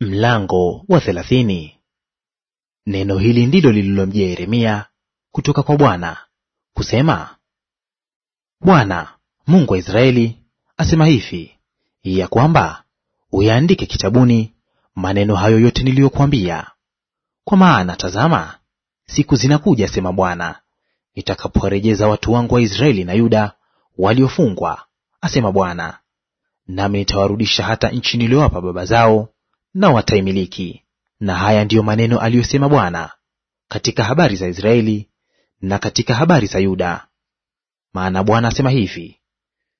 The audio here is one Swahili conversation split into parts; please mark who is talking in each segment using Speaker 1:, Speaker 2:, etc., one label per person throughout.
Speaker 1: Mlango wa thelathini. Neno hili ndilo lililomjia Yeremia kutoka kwa Bwana kusema, Bwana Mungu wa Israeli asema hivi ya kwamba uyaandike kitabuni maneno hayo yote niliyokuambia. Kwa maana tazama, siku zinakuja, asema Bwana, nitakapowarejeza watu wangu wa Israeli na Yuda waliofungwa, asema Bwana, nami nitawarudisha hata nchi niliyowapa baba zao na wataimiliki. Na haya ndiyo maneno aliyosema Bwana katika habari za Israeli na katika habari za Yuda. Maana Bwana asema hivi,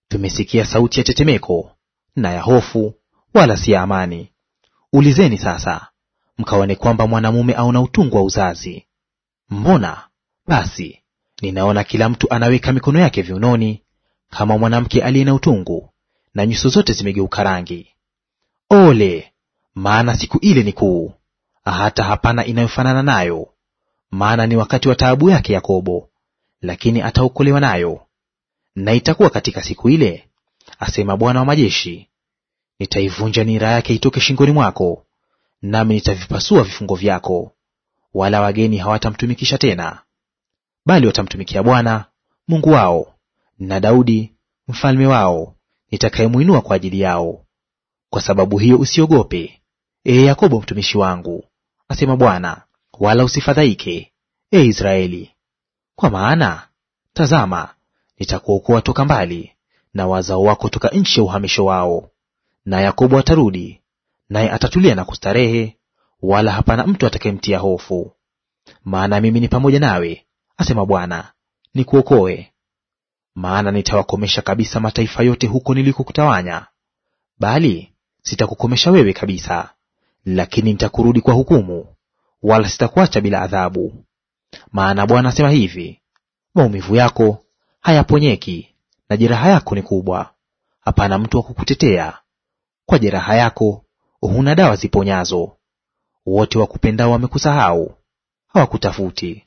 Speaker 1: tumesikia sauti ya tetemeko na ya hofu, wala si ya amani. Ulizeni sasa mkaone kwamba mwanamume aona utungu wa uzazi. Mbona basi ninaona kila mtu anaweka mikono yake viunoni kama mwanamke aliye na utungu, na nyuso zote zimegeuka rangi? Ole maana siku ile ni kuu, hata hapana inayofanana nayo. Maana ni wakati wa taabu yake Yakobo, lakini ataokolewa nayo. Na itakuwa katika siku ile, asema Bwana wa majeshi, nitaivunja nira yake itoke shingoni mwako, nami nitavipasua vifungo vyako, wala wageni hawatamtumikisha tena, bali watamtumikia Bwana Mungu wao na Daudi mfalme wao nitakayemwinua kwa ajili yao. Kwa sababu hiyo usiogope, ee Yakobo mtumishi wangu, asema Bwana, wala usifadhaike, e Israeli. Kwa maana tazama, nitakuokoa toka mbali na wazao wako toka nchi ya uhamisho wao, na Yakobo atarudi naye atatulia na kustarehe, wala hapana mtu atakayemtia hofu. Maana mimi ni pamoja nawe, asema Bwana, nikuokoe. Maana nitawakomesha kabisa mataifa yote huko nilikokutawanya, bali sitakukomesha wewe kabisa, lakini nitakurudi kwa hukumu, wala sitakuacha bila adhabu. Maana Bwana asema hivi, maumivu yako hayaponyeki na jeraha yako ni kubwa, hapana mtu wa kukutetea. Kwa jeraha yako huna dawa ziponyazo. Wote wakupendao wamekusahau, hawakutafuti.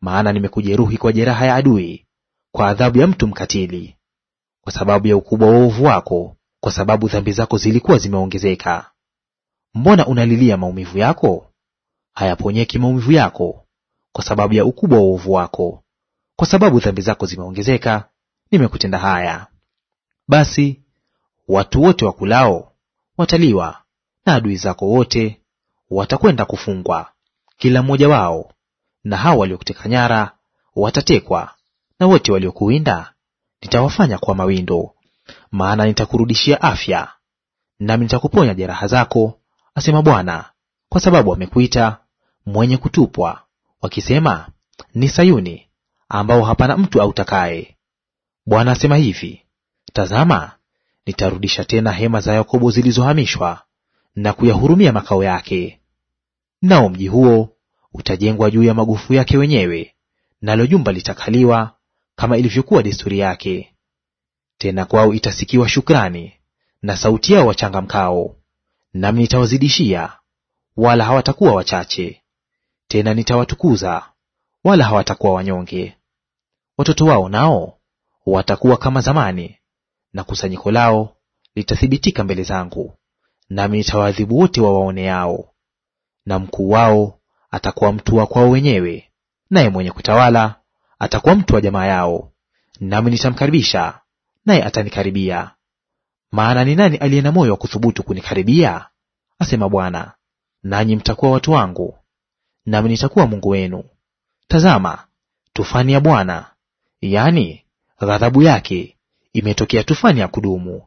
Speaker 1: Maana nimekujeruhi kwa jeraha ya adui, kwa adhabu ya mtu mkatili, kwa sababu ya ukubwa wa uovu wako, kwa sababu dhambi zako zilikuwa zimeongezeka. Mbona unalilia maumivu yako? Hayaponyeki maumivu yako kwa sababu ya ukubwa wa uovu wako. Kwa sababu dhambi zako zimeongezeka, nimekutenda haya. Basi watu wote wakulao wataliwa, na adui zako wote watakwenda kufungwa, kila mmoja wao; na hao waliokuteka nyara watatekwa, na wote waliokuwinda nitawafanya kwa mawindo. Maana nitakurudishia afya, nami nitakuponya jeraha zako asema Bwana, kwa sababu wamekuita mwenye kutupwa, wakisema, ni Sayuni, ambao hapana mtu autakaye. Bwana asema hivi, tazama, nitarudisha tena hema za Yakobo zilizohamishwa na kuyahurumia makao yake. Nao mji huo utajengwa juu ya magofu yake wenyewe, nalo jumba litakaliwa kama ilivyokuwa desturi yake. Tena kwao itasikiwa shukrani, na sauti yao wachangamkao nami nitawazidishia, wala hawatakuwa wachache tena; nitawatukuza wala hawatakuwa wanyonge. Watoto wao nao watakuwa kama zamani, na kusanyiko lao litathibitika mbele zangu, nami nitawaadhibu wote wawaoneao. Na mkuu wao atakuwa mtu wa kwao wenyewe, naye mwenye kutawala atakuwa mtu wa jamaa yao. Nami nitamkaribisha, naye atanikaribia maana ni nani aliye na moyo wa kuthubutu kunikaribia? asema Bwana. Nanyi mtakuwa watu wangu, nami nitakuwa Mungu wenu. Tazama, tufani ya Bwana, yaani ghadhabu yake, imetokea, tufani ya kudumu;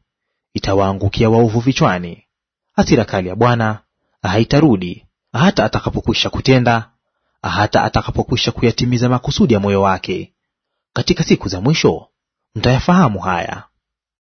Speaker 1: itawaangukia waovu vichwani. Hasira kali ya Bwana haitarudi hata atakapokwisha kutenda, hata atakapokwisha kuyatimiza makusudi ya moyo wake. Katika siku za mwisho mtayafahamu haya.